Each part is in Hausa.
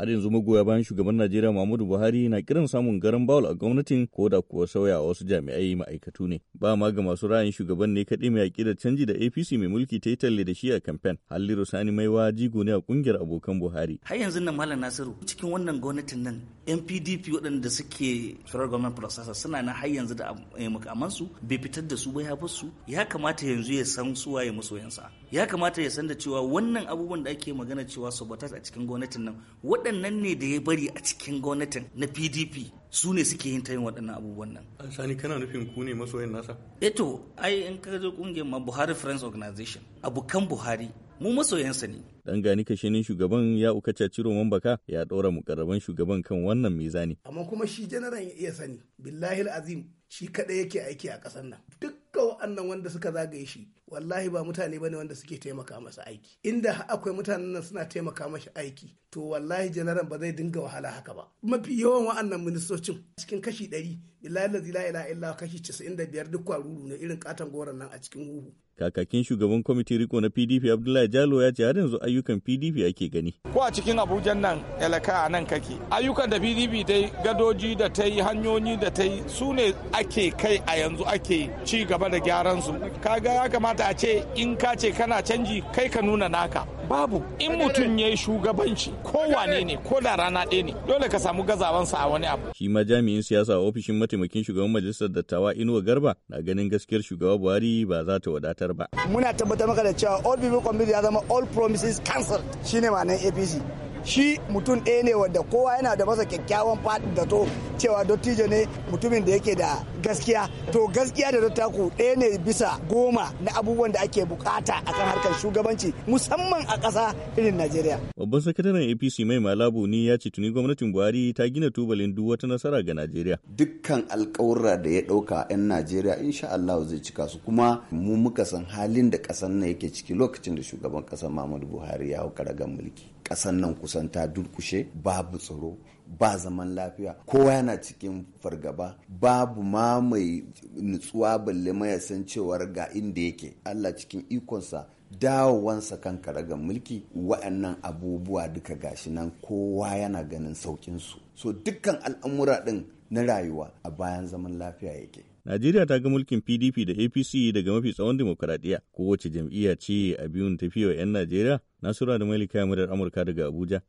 har yanzu magoya bayan shugaban Najeriya Muhammadu Buhari na kiran samun garan bawul a gwamnatin ko da kuwa sauya a wasu jami'ai ma'aikatu ne. Ba ma ga masu ra'ayin shugaban ne kaɗai mai yaƙi da canji da APC mai mulki ta yi talle da shi a kamfen. Halliru Sani Maiwa jigo ne a ƙungiyar abokan Buhari. Har yanzu nan Malam Nasiru cikin wannan gwamnatin nan NPDP waɗanda suke Federal Government Processor suna na har yanzu da eh, mukamansu bai fitar da su ba ya bar su ya kamata yanzu ya san suwa ya masoyansa. Ya kamata ya san da cewa wannan abubuwan da ake magana cewa sabotage a cikin gwamnatin nan waɗanda waɗannan ne da ya bari a cikin gwamnatin na pdp su ne suke yin ta yin waɗannan abubuwan nan. sani kana nufin ku ne masoyin nasa? eto eh ai in ka zo kungiyar ma buhari friends organization abokan buhari mu masoyansa ne. Dan gani kashinin shugaban ya ukaca ciro man baka ya ɗora mukarraban shugaban kan wannan mizani. Amma kuma shi janaran ya iya sani billahi azim shi kaɗai yake aiki a ƙasar nan. Dukkan waɗannan wanda suka zagaye shi wallahi ba mutane bane wanda suke taimaka masa aiki inda akwai mutanen nan suna taimaka masa aiki to wallahi janaran ba zai dinga wahala haka ba mafi yawan wa'annan ministocin cikin kashi ɗari billahi la ilaha illa kashi casa'in da biyar duk kwaruru ne irin katon goron nan a cikin huhu kakakin shugaban kwamitin riko na pdp abdullahi jalo ya ce har yanzu ayyukan pdp ake gani ko a cikin abuja nan elaka a nan kake ayyukan da pdp dai gadoji da ta yi hanyoyi da ta yi su ne ake kai a yanzu ake ci gaba da gyaran su kaga ya kamata kamata ce in ka ce kana canji kai ka nuna naka babu in mutum ya yi shugabanci kowane ne ko da rana ɗaya ne dole ka samu gazawansa a wani abu. shi ma jami'in siyasa a ofishin mataimakin shugaban majalisar dattawa inuwa garba na ganin gaskiyar shugaba buhari ba za ta wadatar ba. muna tabbatar maka da cewa all people committee ya zama all promises cancelled shine ma'anar apc shi mutum ɗaya ne wanda kowa yana da masa kyakkyawan faɗin da to cewa dottijo ne mutumin da yake da gaskiya to gaskiya da dattaku ɗaya ne bisa goma na abubuwan da ake bukata a kan harkar shugabanci musamman a ƙasa irin najeriya babban sakataren apc mai malabu ni ya ce tuni gwamnatin buhari ta gina tubalin duk wata nasara ga najeriya dukkan alkawura da ya ɗauka 'yan najeriya insha allahu zai cika su kuma mu muka san halin da ƙasar nan yake ciki lokacin da shugaban ƙasar muhammadu buhari ya hau karagan mulki ƙasar nan kusa kusanta durkushe babu tsaro ba zaman lafiya kowa yana cikin fargaba babu ma mai nutsuwa balle ma ya san cewar ga inda yake allah cikin ikonsa dawowansa kan karaga mulki wa'annan abubuwa duka gashi nan kowa yana ganin saukinsu so dukkan al'amura din na rayuwa a bayan zaman lafiya yake Najeriya ta ga mulkin PDP da APC daga mafi tsawon demokuraɗiyya kowace jam'iyya ce a biyun tafiya 'yan Najeriya, Nasura da Malika Yamurar Amurka daga Abuja,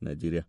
Najeriya.